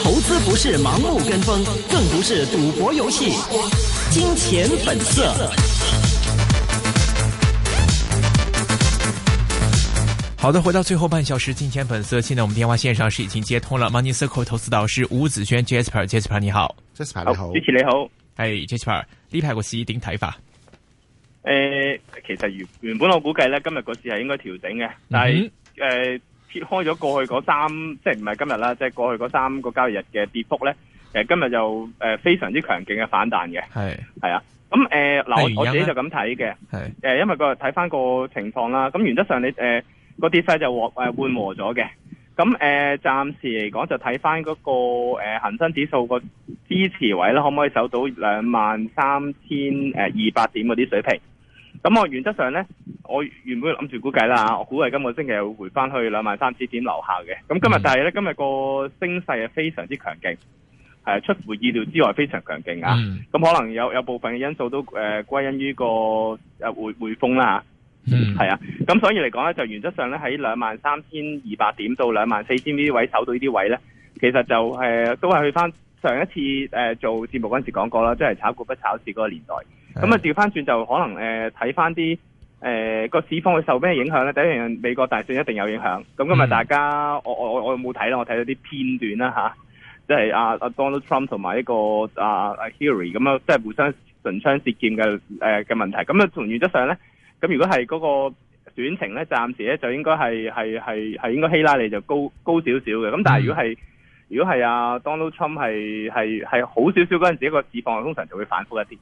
投資不是盲目跟風，更不是賭博遊戲。金錢本色。 好的，回到最後半小時，金錢本色。現在我們電話線上是已經接通了。Money Circle 投資導師吳子軒 Jasper Jasper 你好，Jasper 你好，主持好你好，哎 Jasper，呢排個市點睇法。誒，其實原原本我估計呢，今日個市係應該調整嘅，但係。嗯誒、呃，撇開咗過去嗰三，即係唔係今日啦，即係過去嗰三個交易日嘅跌幅咧，誒、呃，今日就誒、呃、非常之強勁嘅反彈嘅，係係啊，咁誒嗱，我自己就咁睇嘅，係，誒、呃，因為個睇翻個情況啦，咁原則上你誒、呃呃個跌勢就獲誒緩和咗嘅，咁誒暫時嚟講就睇翻嗰個誒恒生指數個支持位啦，可唔可以守到兩萬三千誒二百點嗰啲水平？咁我原則上咧，我原本諗住估計啦我估計我今個星期會回翻去兩萬三千點樓下嘅。咁今日但係咧，今日個升勢係非常之強勁，係出乎意料之外非常強勁啊！咁、嗯、可能有有部分嘅因素都誒歸因於個誒匯匯豐啦、嗯、啊。咁所以嚟講咧，就原則上咧喺兩萬三千二百點到兩萬四千呢啲位守到位呢啲位咧，其實就係、都係去翻上一次、呃、做節目嗰陣時講過啦，即、就、係、係、炒股不炒市嗰個年代。咁啊，調翻轉就可能誒睇翻啲誒個市況會受咩影響咧？第一樣美國大選一定有影響。咁今日大家、嗯、我我我我又冇睇啦，我睇咗啲片段啦吓，即係阿阿 Donald Trump 同埋一個阿阿、啊、Hillary 咁樣，即係互相唇槍舌劍嘅嘅、呃、問題。咁啊，從原則上咧，咁如果係嗰個選情咧，暫時咧就應該係係係係應該希拉里就高高少少嘅。咁但係如果係、嗯、如果係阿、啊、Donald Trump 係係係好少少嗰陣時，一個市況通常就會反覆一啲。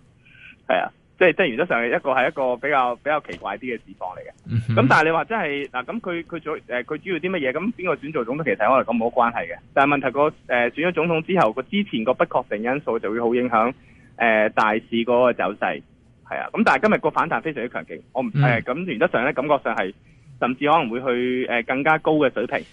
係啊，即係即係，原則上係一個係一個比較比較奇怪啲嘅市況嚟嘅。咁、嗯、哼但係你話真係嗱，咁佢佢做誒，佢、呃、主要啲乜嘢？咁邊個選做總統，其實可能咁冇關係嘅。但係問題個誒、呃、選咗總統之後，個之前個不確定因素就會好影響誒、呃、大市嗰個走勢。係啊，咁但係今日個反彈非常之強勁，我唔誒咁，原則上咧感覺上係甚至可能會去誒、呃、更加高嘅水平。咁、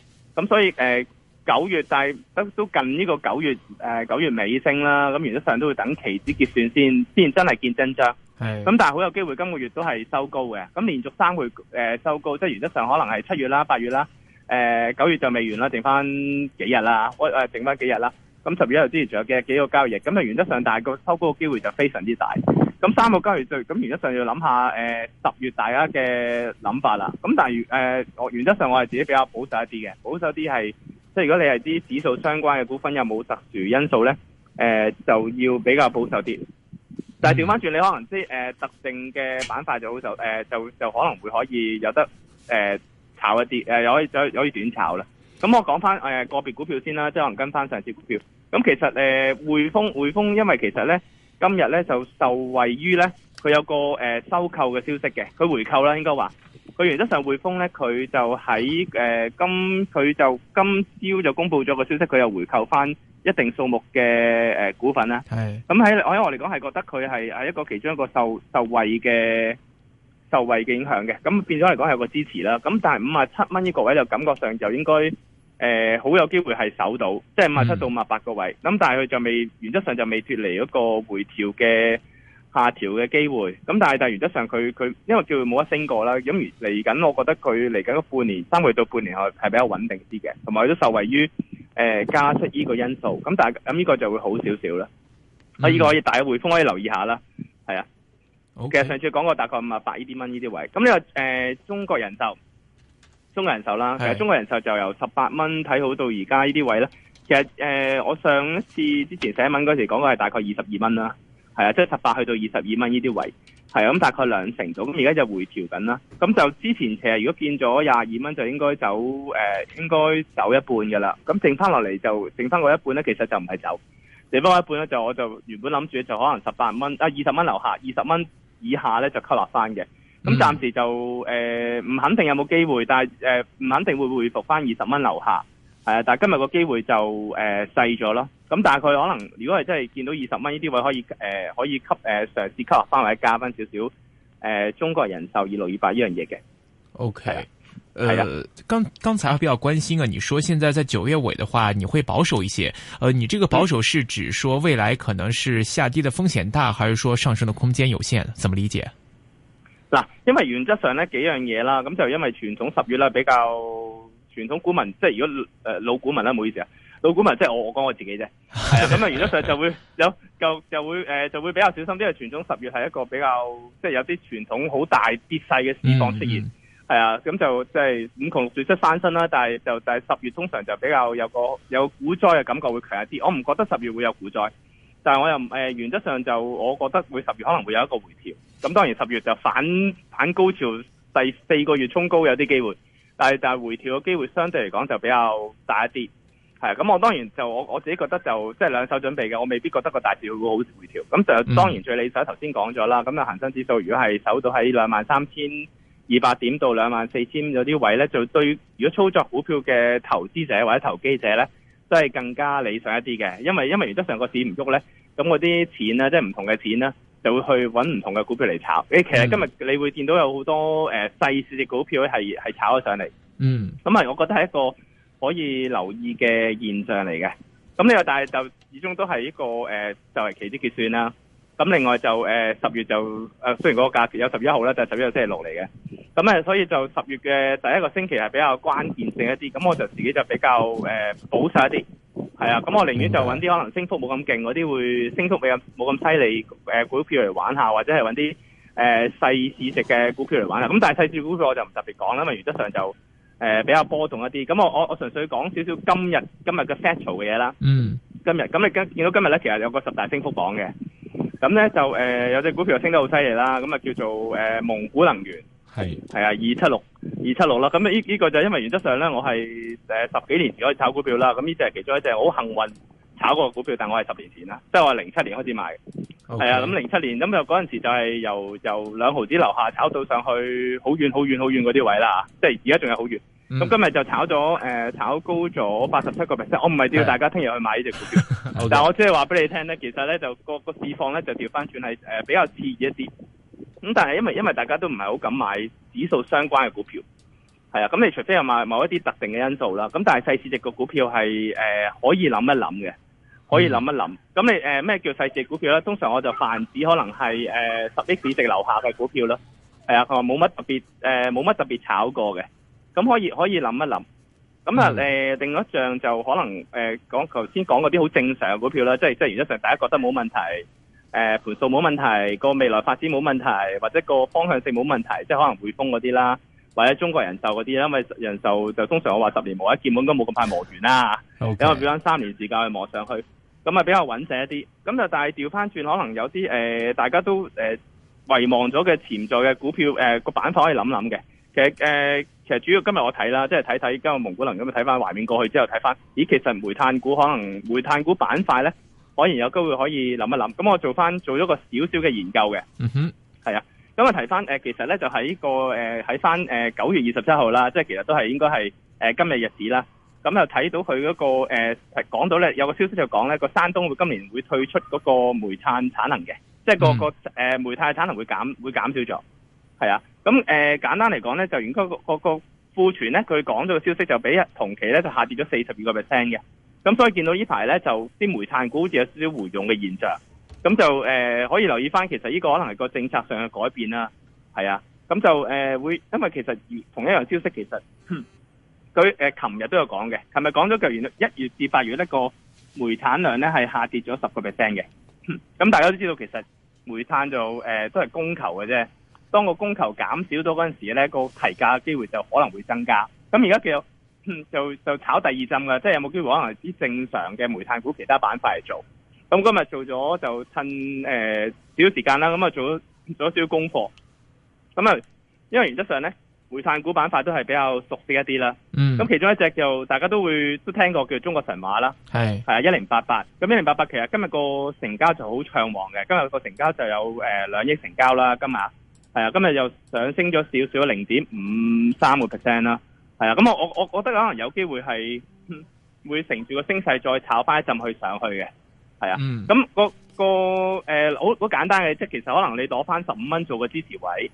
呃、所以誒。呃九月但都都近呢個九月誒、呃、九月尾升啦，咁原則上都會等期指結算先，先真係見真章。係咁的，但係好有機會今個月都係收高嘅。咁連續三個月誒收高，即係原則上可能係七月啦、八月啦、誒、呃、九月就未完啦，剩翻幾日啦，我、呃、誒剩翻幾日啦。咁十月就之前仲有嘅幾、幾個交易日，咁啊原則上，但係個收高嘅機會就非常之大。咁三個交易日，咁原則上要諗下誒十月大家嘅諗法啦。咁但係誒我原則上我係自己比較保守一啲嘅，保守啲係。即係如果你係啲指數相關嘅股份，有冇特殊因素咧？誒、呃，就要比較保守啲。但係調翻轉，你可能即係誒特定嘅板塊就好受、呃、就誒就就可能會可以有得誒、呃、炒一啲誒，又、呃、可以又可，可以短炒啦。咁、嗯、我講翻誒個別股票先啦，即係可能跟翻上，上次股票。咁、嗯、其實誒匯豐匯豐，呃、匯豐匯豐因為其實咧今日咧就受惠於咧佢有個誒、呃、收購嘅消息嘅，佢回購啦，應該話。佢原則上，匯豐咧，佢就喺誒今佢就今朝就公布咗個消息，佢又回購翻一定數目嘅誒股份啦。係咁喺我喺我嚟講，係覺得佢係係一個其中一個受受惠嘅受惠嘅影響嘅。咁變咗嚟講，係個支持啦。咁但係五廿七蚊呢個位就感覺上就應該誒好有機會係守到，即係五廿七到五廿八個位。咁但係佢就未原則上就未脱離一個回調嘅。下調嘅機會，咁但係但係原則上佢佢因為叫佢冇得升過啦，咁而嚟緊我覺得佢嚟緊半年三個月到半年後係比較穩定啲嘅，同埋佢都受惠於誒、呃、加息呢個因素，咁但係咁呢個就會好少少啦。啊、嗯，呢個我大匯豐可以留意一下啦，係啊。Okay. 其實上次講過大概五啊八呢啲蚊呢啲位，咁呢、這個誒中國人壽，中國人壽啦，其實中國人壽的就由十八蚊睇好到而家呢啲位啦。其實誒、呃、我上一次之前寫文嗰時講過係大概二十二蚊啦。係啊，即係十八去到二十二蚊呢啲位，係啊，咁大概兩成度。咁而家就回調緊啦。咁就之前其實如果見咗廿二蚊，就應該走誒、呃，應該走一半㗎啦。咁剩翻落嚟就剩翻嗰一半咧，其實就唔係走。剩翻嗰一半咧，就我就原本諗住就可能十八蚊啊二十蚊樓下，二十蚊以下咧就吸落翻嘅。咁暫時就誒唔、呃、肯定有冇機會，但係誒唔肯定會，會回復翻二十蚊樓下。誒，但係今日個機會就誒細咗咯。咁但係佢可能如果係真係見到二十蚊呢啲位可以、呃，可以誒可以吸誒嘗試吸落翻或者加翻少少誒，中國人壽二六二八呢樣嘢嘅。O K，係剛剛才還比較關心啊，你說現在在九月尾的話，你會保守一些。呃，你這個保守是指說未來可能是下跌的風險大，還是說上升的空間有限？怎麼理解？嗱，因為原則上呢幾樣嘢啦，咁就因為傳統十月啦比較。傳統股民即係如果呃老股民啦，唔好意思啊，老股民即係我我講我自己啫，係啊， 咁啊原則上就會有就就會、呃、就會比較小心，因為傳統十月係一個比較即係有啲傳統好大跌勢嘅市況出現，係啊、嗯嗯，咁就即係五窮六絕七翻身啦，但係就但係十月通常就比較有個有股災嘅感覺會強一啲，我唔覺得十月會有股災，但係我又、呃、原則上就我覺得會十月可能會有一個回調，咁當然十月就反反高潮第四個月衝高有啲機會。但係，但係回調嘅機會相對嚟講就比較大一啲，咁我當然就我我自己覺得就即係、就是、兩手準備嘅，我未必覺得個大市會好回調。咁就、嗯、當然最理想頭先講咗啦，咁啊恒生指數如果係守到喺兩萬三千二百點到兩萬四千嗰啲位咧，就對如果操作股票嘅投資者或者投機者咧，都係更加理想一啲嘅，因為因為如果上個市唔喐咧，咁嗰啲錢咧即係唔同嘅錢啦。就會去揾唔同嘅股票嚟炒，誒，其實今日你會見到有好多誒細、呃、市嘅股票係係炒咗上嚟，嗯，咁啊，我覺得係一個可以留意嘅現象嚟嘅。咁呢個但係就始終都係一個誒、呃、就係期指結算啦。咁另外就誒十、呃、月就誒、呃、雖然個價錢有十一號啦，但係十一號星期六嚟嘅，咁所以就十月嘅第一個星期係比較關鍵性一啲。咁我就自己就比較誒、呃、保守一啲。係啊，咁我寧願就揾啲可能升幅冇咁勁嗰啲，會升幅比較冇咁犀利誒，股票嚟玩下，或者係揾啲誒細市值嘅股票嚟玩下。咁但係細市值股票我就唔特別講啦，因為原則上就誒、呃、比較波動一啲。咁我我我純粹講少少今日今日嘅 feature 嘅嘢啦。嗯。今日，咁你今見到今日咧，其實有個十大升幅榜嘅，咁咧就誒、呃、有隻股票升得好犀利啦，咁啊叫做誒、呃、蒙古能源。係係啊，二七六二七六啦，咁呢呢個就因為原則上咧，我係誒十幾年前開始炒股票啦，咁呢隻係其中一隻好幸運炒過股票，但我係十年前啦，即係我係零七年開始買，係啊 Okay.，咁零七年咁就嗰陣時就係由由兩毫子樓下炒到上去好遠好遠好遠嗰啲位啦，即係而家仲有好遠，咁、嗯、今日就炒咗誒、呃、炒高咗八十七個 percent，我唔係叫大家聽日去買呢隻股票，是的 Okay. 但係我即係話俾你聽咧，其實咧就個個市況咧就調翻轉係誒比較遲一啲。咁但係因為因為大家都唔係好敢買指數相關嘅股票，係啊，咁你除非有某某一啲特定嘅因素啦，咁但係細市值嘅股票係誒可以諗一諗嘅，可以諗一諗。咁、嗯、你誒咩、呃、叫細市值股票咧？通常我就泛指可能係誒十億市值樓下嘅股票咯。係、呃呃、啊，佢話冇乜特別誒冇乜特別炒過嘅，咁可以可以諗一諗。咁啊誒另一樣就可能誒講頭先講嗰啲好正常嘅股票啦，即係即係原則上大家覺得冇問題。誒，盤數冇問題，個未來發展冇問題，或者個方向性冇問題，即係可能滙豐嗰啲啦，或者中國人壽嗰啲啦，因為人壽就通常我話十年磨一劍，應該冇咁快磨完啦。因為俾翻三年時間去磨上去，咁啊比較穩陣一啲。咁就但係調翻轉，可能有啲誒、呃，大家都誒遺、呃、忘咗嘅潛在嘅股票，誒、呃、個板塊可以諗諗嘅。其實誒、呃，其實主要今日我睇啦，即係睇睇今日蒙古能咁樣睇翻畫面過去之後，睇翻咦，其實煤炭股可能煤炭股板塊咧。果然有機會可以諗一諗，咁我做翻做咗個少少嘅研究嘅，嗯哼，係啊，咁啊提翻、呃、其實咧就喺個喺翻誒九月二十七號啦，即係其實都係應該係、呃、今日日子啦，咁又睇到佢嗰、那個誒講、呃、到咧有個消息就講咧個山東會今年會退出嗰個煤炭產能嘅，即係、那個個誒、嗯、煤炭產能會減,會減少咗，係啊，咁誒、呃、簡單嚟講咧就應該、那個、那個庫存咧佢講到嘅消息就比同期咧就下跌咗四十二個 percent 嘅。咁、嗯、所以見到呢排呢，就啲煤炭股好似有少少回勇嘅現象，咁就誒、呃、可以留意翻，其實呢個可能係個政策上嘅改變啦，係啊，咁、啊、就誒、呃、會，因為其實同一樣消息其實，佢誒琴日都有講嘅，琴日講咗，其實一月至八月呢個煤炭量呢係下跌咗十個 percent 嘅，咁、嗯嗯嗯、大家都知道其實煤炭就誒、呃、都係供求嘅啫，當個供求減少咗嗰陣時呢，個提價嘅機會就可能會增加，咁而家叫。 就就炒第二針啦，即係有冇機會可能啲正常嘅煤炭股其他板塊嚟做？咁今日做咗就趁誒少少時間啦，咁啊做咗少少功課。咁啊，因為原則上咧，煤炭股板塊都係比較熟悉一啲啦。嗯。咁其中一隻就大家都會都聽過叫中國神華啦。係。係啊，一零八八。咁一零八八其實今日個成交就好暢旺嘅，今日個成交就有誒兩億成交啦，今日係啊，今日又上升咗少少零點五三個 percent 啦。係啊，咁我我我覺得可能有機會係會乘住個聲勢再炒翻一陣去上去嘅，係啊。咁、嗯那個個誒好好簡單嘅，即係其實可能你攞翻十五蚊做個支持位，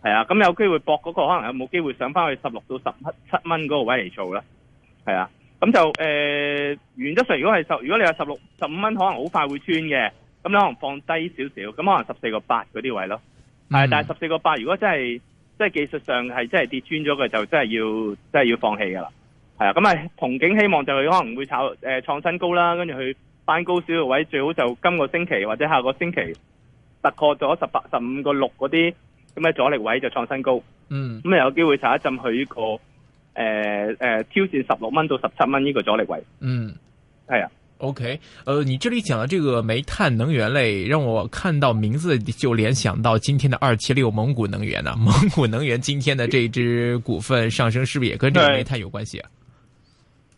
係啊。咁有機會博嗰個可能有冇機會上翻去十六到十七蚊嗰個位嚟做啦，係啊。咁就誒、呃、原則上，如果十如果你有十六十五蚊，可能好快會穿嘅，咁你可能放低少少，咁可能十四個八嗰啲位咯。係、嗯，但係十四個八如果真係。即係技術上係，真係跌穿咗嘅，就真係要，真係要放棄噶啦。係啊，咁啊，同景希望就佢可能會炒，誒、呃、創新高啦，跟住佢翻高少少位，最好就今個星期或者下個星期突破咗十八、十五個六嗰啲咁嘅阻力位就創新高。嗯，咁啊有機會炒一浸去呢個，誒、呃、誒、呃、挑戰十六蚊到十七蚊呢個阻力位。嗯，係啊。OK，呃，你這裏講的這個煤炭能源類，讓我看到名字就聯想到今天的二七六蒙古能源呢、啊。蒙古能源今天的這支股份上升，是不是也跟這個煤炭有關係啊？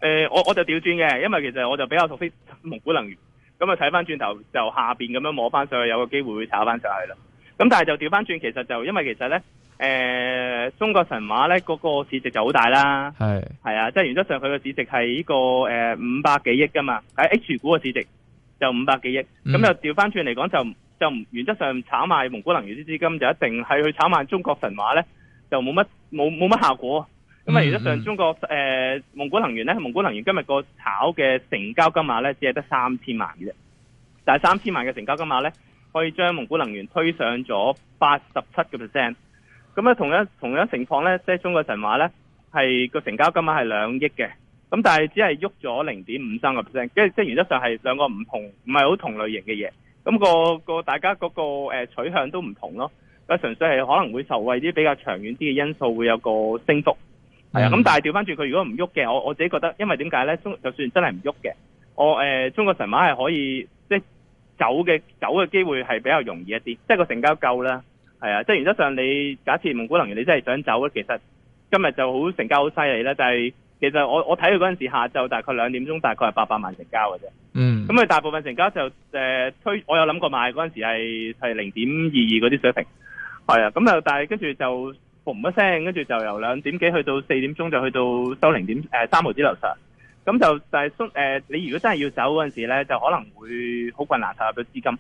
誒，我、呃、我就調轉嘅，因為其實我就比較熟悉蒙古能源，咁、嗯、啊，睇翻轉頭就下邊咁樣摸翻上去，有個機會會炒翻上去咯。咁、嗯、但係就調翻轉，其實就因為其實咧。誒、呃、中國神話咧，嗰、那個市值就好大啦。係係是啊，即係原則上佢個市值係呢、這個誒五百幾億噶嘛。喺 H 股嘅市值就五百幾億，咁、嗯、就調翻轉嚟講就就原則上炒賣蒙古能源啲資金就一定係去炒賣中國神話咧，就冇乜冇冇乜效果。咁啊，嗯、原則上中國誒、呃、蒙古能源咧，蒙古能源今日個炒嘅成交金額咧，只係得三千萬嘅啫。但係三千萬嘅成交金額咧，可以將蒙古能源推上咗八十七個 percent。咁咧，同一同樣情況咧，即係中國神華咧，係個成交金額係兩億嘅，咁但係只係喐咗零點五三個 percent，即係即係原則上係兩個唔同，唔係好同類型嘅嘢，咁、嗰個個大家嗰、嗰個、呃、取向都唔同咯，啊，純粹係可能會受惠啲比較長遠啲嘅因素會有個升幅，係啊的，咁但係調翻轉佢如果唔喐嘅，我我自己覺得，因為點解咧？中就算真係唔喐嘅，我誒、呃、中國神華係可以即係走嘅走嘅機會係比較容易一啲，即係個成交夠啦。係啊，即係原則上你，你假設蒙古能源你真係想走咧，其實今日就好成交好犀利啦。但係其實我我睇佢嗰陣時，下晝大概兩點鐘，大概係八百萬成交嘅啫。嗯，咁佢大部分成交就誒推、呃，我有諗過買嗰陣時係係零點二二嗰啲水平，係啊。咁就但係跟住就嘣一聲，跟住就由兩點幾去到四點鐘就去到收零點三毫紙樓上咁，就但係縮、呃、你如果真係要走嗰陣時咧，就可能會好困難投入到資金。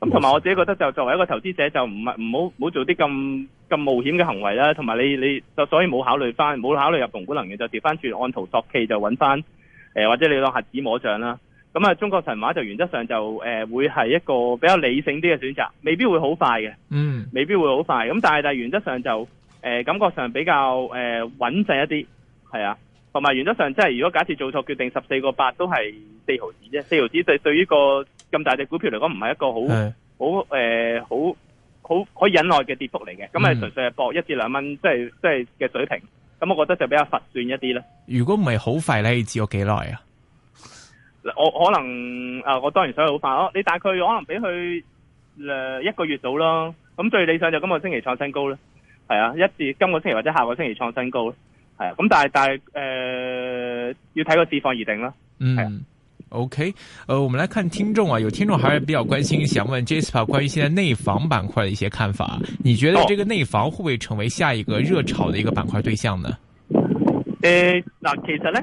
咁同埋我自己覺得就作為一個投資者就唔唔好唔好做啲咁咁冒險嘅行為啦，同埋你你就所以冇考慮翻，冇考慮入同股能源就掉翻轉，按圖索驥就揾翻、呃、或者你攞盒子摸象啦。咁啊，中國神華就原則上就誒、呃、會係一個比較理性啲嘅選擇，未必會好快嘅，嗯，未必會好快。咁但係但原則上就誒、呃、感覺上比較誒穩陣一啲，係啊。同埋原則上即係如果假設做錯決定十四個八都係四毫子啫，四毫子對於個。咁大隻股票嚟講，唔係一個好好誒，好好是、呃、可以忍耐嘅跌幅嚟嘅。咁係純粹係搏一至兩蚊，即係即係嘅水平。咁、嗯、我覺得就比較划算一啲啦。如果唔係好快咧，你知、啊、我幾耐啊？我可能我當然想去好快咯。你大概可能俾佢誒一個月到咯。咁最理想就今個星期創新高啦，係啊，一至今個星期或者下個星期創新高咧，係啊。咁但係但係誒、呃，要睇個市況而定啦，係、嗯、啊。OK，呃我們來看聽眾啊，有聽眾還是比較關心，想問 Jasper 關於現在內房板塊的一些看法。你覺得這個內房會唔會成為下一個熱炒的一個板塊對象呢？誒、哦，嗱、呃，其實呢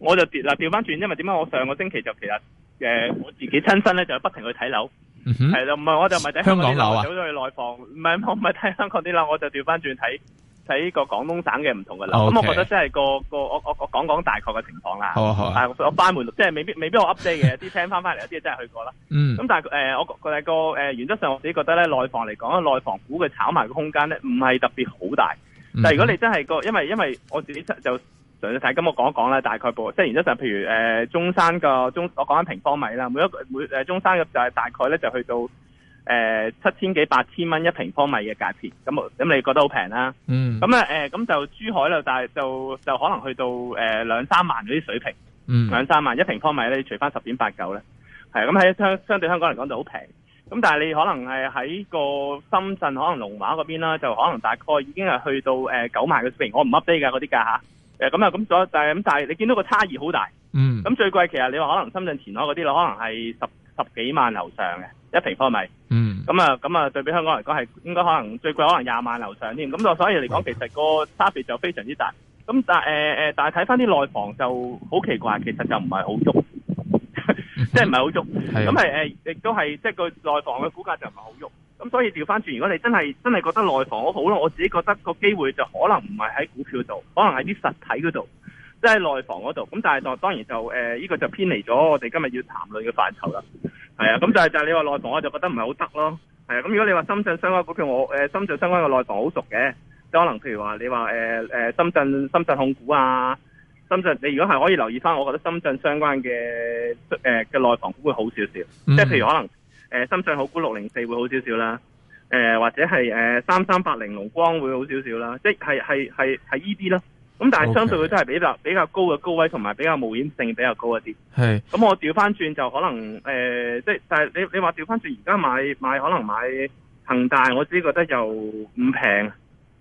我就調嗱調翻轉，因為點解我上個星期就其實誒、呃，我自己親身咧就不停去睇樓，係啦、嗯哼，唔係我就咪睇香，香港樓啊，走咗去內房，唔係我唔係睇香港啲樓，我就調翻轉睇。喺個廣東省嘅唔同嘅樓，咁 Okay.、嗯、我覺得真係個個我我我講講大概嘅情況啦。哦、啊啊，好，啊我翻回，即係未必未必我 update 嘅，啲聽翻翻嚟一啲真係去過啦。嗯，咁但係誒、呃，我個第個誒原則上我自己覺得咧，內房嚟講咧，內房股嘅炒賣嘅空間咧，唔係特別好大。嗯、哼但係如果你真係個，因為因為我自己就想睇，咁我講一講啦，大概部，即係原則上，譬如誒、呃、中山個中，我講緊平方米啦，每一個每誒中山嘅就係大概咧就去到。誒、呃，七千幾、八千蚊一平方米嘅價錢，咁咁你覺得好平啦？嗯，咁啊，誒、呃，咁就珠海啦，但係就就可能去到誒兩、呃、三萬嗰啲水平，嗯，兩三萬一平方米咧，你除翻十點八九咧，係，咁喺相相對香港嚟講就好平，咁但係你可能係喺個深圳可能龍華嗰邊啦，就可能大概已經係去到誒九、呃、萬嘅水平，我唔 update 噶嗰啲價。吓，誒，咁啊，咁但係咁但係你見到個差異好大，嗯，咁最貴其實你話可能深圳前海嗰啲啦，可能係十。十幾萬樓上嘅一平方米，嗯，咁啊，咁啊，對比香港嚟講係應該可能最貴，可能廿萬樓上添，咁就所以嚟講，其實個差別就非常之大。咁但係誒、呃、但係睇翻啲內房就好奇怪，其實就唔係好喐，即係唔係好喐。咁係亦都係即係個內房嘅股價就唔係好喐。咁所以調翻轉，如果你真係真係覺得內房好，好啦，我自己覺得個機會就可能唔係喺股票度，可能喺啲實體嗰度。即係內房嗰度，咁但係就當然就誒，依、呃，這個就偏離咗我哋今日要談論嘅範疇啦。係啊，咁就係就係、是、你話內房，我就覺得唔係好得咯。係啊，咁如果你話深圳相關股票，我誒、呃、深圳相關嘅內房好熟嘅，即可能譬如話你話誒誒深圳深圳控股啊，深圳你如果係可以留意返，我覺得深圳相關嘅誒嘅內房股會好少少，嗯、即係譬如可能誒、呃、深圳控股六零四會好少少啦，誒、呃、或者係誒三三八零龍光會好少少啦，即係係係係依啲啦。咁但係相對佢都係比較比較高嘅高位，同埋比較冒險性比較高一啲。係是。咁我調翻轉就可能，誒、呃，即係但係你你話調翻轉而家買買可能買恒大，我自己覺得又唔平。係、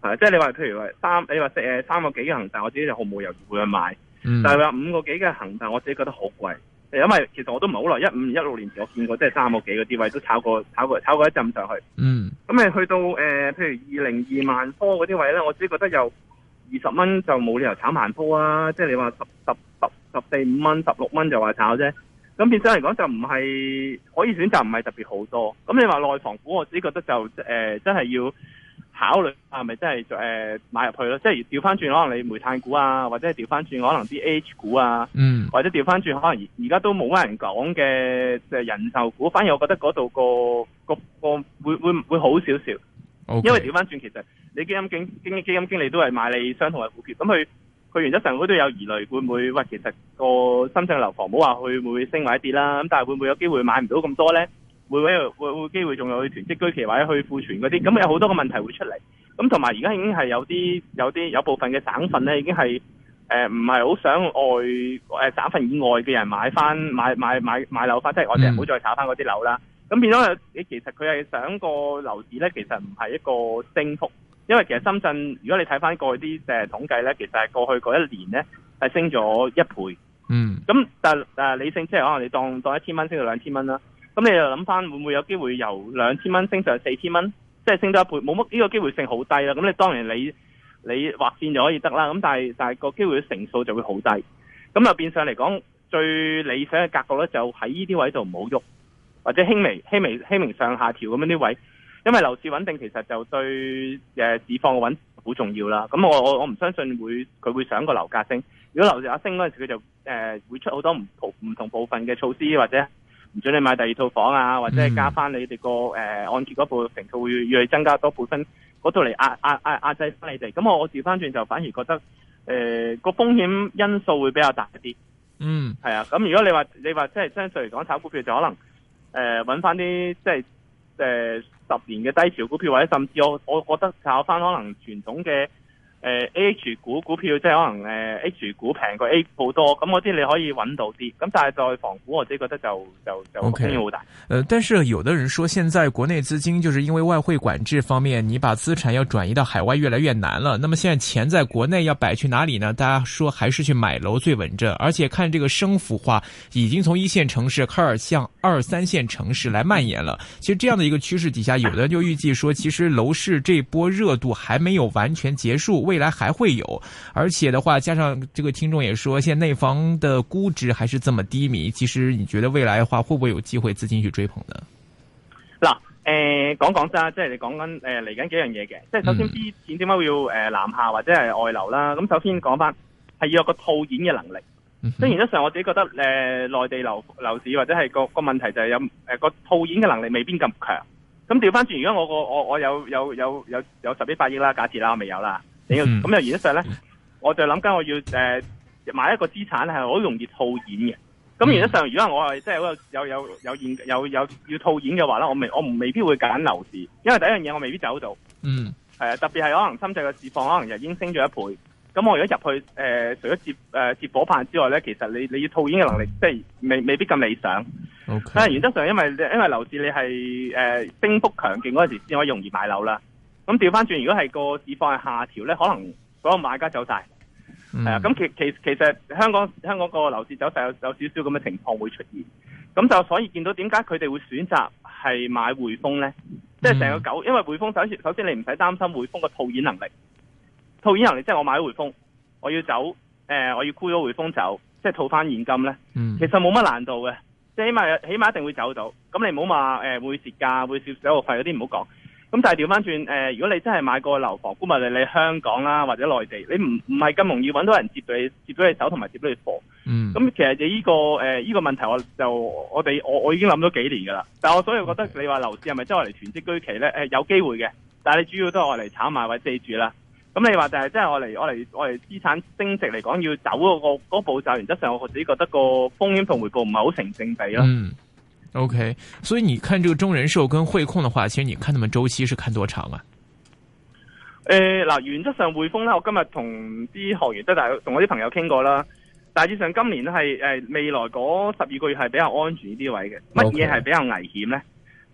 啊。即係你話譬如話三，你話食誒三個幾嘅恒大，我自己就毫無猶豫會去買。嗯、但係話五個幾嘅恒大，我自己覺得好貴。因為其實我都唔好耐，一五年一六年我見過，即係三個幾嘅啲位都炒過，炒過，炒過一陣上去。嗯。咁你去到誒、呃，譬如二零二萬科嗰啲位咧，我自己覺得又。二十蚊就冇理由炒萬鋪啊！即係你話十十十十四五蚊，十六蚊就話炒啫。咁變相嚟講就唔係可以選擇，唔係特別好多。咁你話內房股，我自己覺得就誒、呃，真係要考慮係咪真係就誒、是呃、買入去咯。即係調翻轉可能你煤炭股啊，或者係調翻轉可能啲 H 股啊，嗯，或者調翻轉可能而而家都冇乜人講嘅即係人壽股。反而我覺得嗰度個個個，個會會會好少少，Okay. 因為調翻轉其實。你基金經經基金經理都係買你相同嘅股票，咁佢佢原則上都都有疑慮，會唔會？喂，其實個深圳嘅樓房，唔好話會唔會升埋一啲啦，咁但係會唔會有機會買唔到咁多咧？會唔會會會機會仲有去囤積居奇或者去庫存嗰啲？咁有好多個問題會出嚟。咁同埋而家已經係有啲有啲有部分嘅省份咧，已經係誒唔係好想外誒省份以外嘅人買翻買買買買樓翻，即係我哋唔好再炒翻嗰啲樓啦。咁變咗，你其實佢係想個樓市咧，其實唔係一個升幅。因為其實深圳，如果你睇翻過去啲誒統計咧，其實係過去嗰一年咧係升咗一倍。嗯。咁但誒理性即係可能你當當一千蚊升到兩千蚊啦，咁你就諗翻會唔會有機會由兩千蚊升上四千蚊，即係升到一倍？冇乜呢個機會性好低啦。咁你當然你你劃線就可以得啦。咁但係但係個機會成數就會好低。咁啊變相嚟講最理想嘅格局咧就喺呢啲位度唔好喐，或者輕微輕微輕微上下調咁樣啲位。因為樓市穩定其實就對誒市況嘅穩好重要啦。咁我我我唔相信會佢會上個樓價升。如果樓價升嗰陣時候，佢就誒、呃、會出好多唔同唔同部分嘅措施，或者唔准你買第二套房啊，或者加翻你哋個誒按揭嗰部分，佢會越嚟增加多部分嗰度嚟壓壓壓壓制翻你哋。咁我我調翻轉就反而覺得誒個、呃、風險因素會比較大啲。嗯，係啊。咁如果你話你話即係相對嚟講炒股票就可能誒揾翻啲即係誒。呃十年嘅低潮股票，或者甚至我，我覺得炒翻可能傳統嘅。誒 A、呃、H 股股票即係可能誒、呃、H 股平過 A 股多，咁嗰啲你可以揾到啲。咁但係內房股，我哋覺得就就就風險好大。Okay. 呃，但是有的人說現在國內資金，就是因為外匯管制方面，你把資產要轉移到海外越來越難了。那麼現在錢在國內要擺去哪裏呢？大家說還是去買樓最穩陣，而且看這個升幅話，已經從一線城市開始向二三線城市來蔓延了。其實這樣的一個趨勢底下，有的就預計說其實樓市這波熱度還沒有完全結束。為未來還會有，而且的話，加上這個聽眾也說，現在內房的估值還是這麼低迷。其實你覺得未來的話，會不會有機會資金去追捧呢？嗱，誒、呃，講講咋，即係你講緊誒嚟緊幾樣嘢嘅。即係首先啲錢點解會要誒、呃、南下或者係外流啦？咁、嗯、首先講翻係要有個套現嘅能力。即係原則上我自己覺得誒、呃、內地樓樓市或者係個個問題就係有誒、呃、個套現嘅能力未必咁強。咁調翻轉，如果我個我我有有有有有十億八億啦，假設啦，我未有啦。你要咁又原則上咧，我就諗緊我要誒、呃、買一個資產係好容易套現嘅。咁原則上，如果我係即係有有有有有有要套現嘅話咧，我未我唔未必會揀樓市，因為第一樣嘢我未必走到。嗯，係啊，特別係可能深圳嘅市況可能已經升咗一倍，咁我而家入去誒，除咗接誒接火棒之外咧，其實你你要套現嘅能力即係未未必咁理想。Okay. 但係原則上因為因為樓市你係誒、呃、升幅強勁嗰陣時先可以容易買樓啦。咁調翻轉，如果係個市況係下調咧，可能嗰個買家走晒、嗯、啊。咁其其其實香港香港個樓市走勢有有少少咁嘅情況會出現。咁就所以見到點解佢哋會選擇係買匯豐咧？即係成個狗，因為匯豐首先首先你唔使擔心匯豐嘅套現能力，套現能力即係我買咗匯豐，我要走，誒、呃、我要沽咗匯豐走，即係套翻現金咧。嗯、其實冇乜難度嘅，即、就、係、是、起碼起碼一定會走到。咁你唔好話誒會蝕價、會少手續費嗰啲唔好講。咁但係調翻轉，誒，如果你真係買過樓房，估埋你你香港啦，或者內地，你唔唔係咁容易揾到人接到你接到你手，同埋接到你貨。嗯。咁其實你、呢、依個誒呢、呃呢個問題我就，我就我哋我我已經諗咗幾年噶啦。但係我所以我覺得你話樓市係咪真係我嚟囤積居奇咧？誒，有機會嘅，但係你主要都係我嚟炒賣或者借住啦。咁你話就係真係我嚟我嚟我嚟資產升值嚟講，要走個嗰個步驟，原則上我自己覺得個風險同回報唔係好成正比咯。嗯。O、okay, K，所以你看這個中人壽跟匯控的話，其實你看他們周期是看多長啊？誒，嗱，原則上匯豐咧，我今日同啲學員同我啲朋友傾過啦。大致上今年咧，係誒未來嗰十二個月係比較安全啲位嘅，乜嘢係比較危險咧？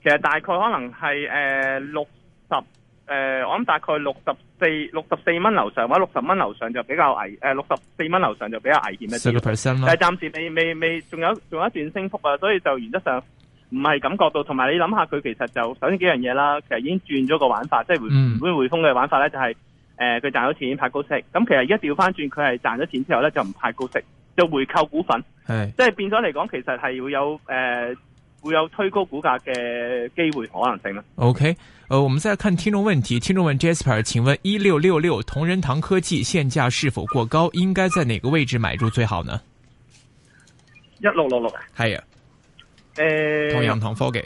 其實大概可能係誒六十，誒，我諗大概六十。四六十四蚊樓上或者六十蚊樓上就比較危，誒六十四蚊樓上就比較危險一啲四個 percent 暫時未未未，仲有仲有一段升幅啊，所以就原則上唔係感覺到。同埋你諗下，佢其實就首先幾樣嘢啦，其實已經轉咗個玩法，即係匯匯豐嘅、嗯、玩法咧、就是，就係誒佢賺咗錢已經派高息，咁其實而家調翻轉，佢係賺咗錢之後咧就唔派高息，就回購股份，是的 即係變咗嚟講，其實係會有誒。呃會有推高股價嘅機會可能性咧、啊？OK，誒、呃，我們再看聽眾問題。聽眾問 Jasper，請問一六六六同仁堂科技現價是否過高？應該在哪個位置買入最好呢？一六六六係啊，誒、呃，同仁堂科技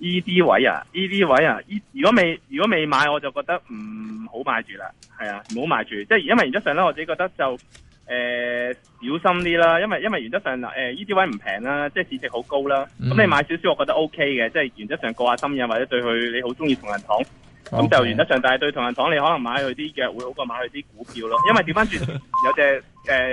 E D 位啊，E D 位啊，依、啊 e, 如果未如果未買，我就覺得唔好買住啦。係啊，唔好買住，即係因為原則上咧，我自己覺得就。誒，小、呃、心啲啦，因為因為原則上誒呢啲位唔平啦，即係市值好高啦。咁、嗯、你買少少，我覺得 O K 嘅，即係原則上過下心癮，或者對佢你好中意同仁堂。咁 Okay. 就原則上，但係對同仁堂你可能買佢啲藥會好過買佢啲股票咯，因為掉返轉有隻誒。呃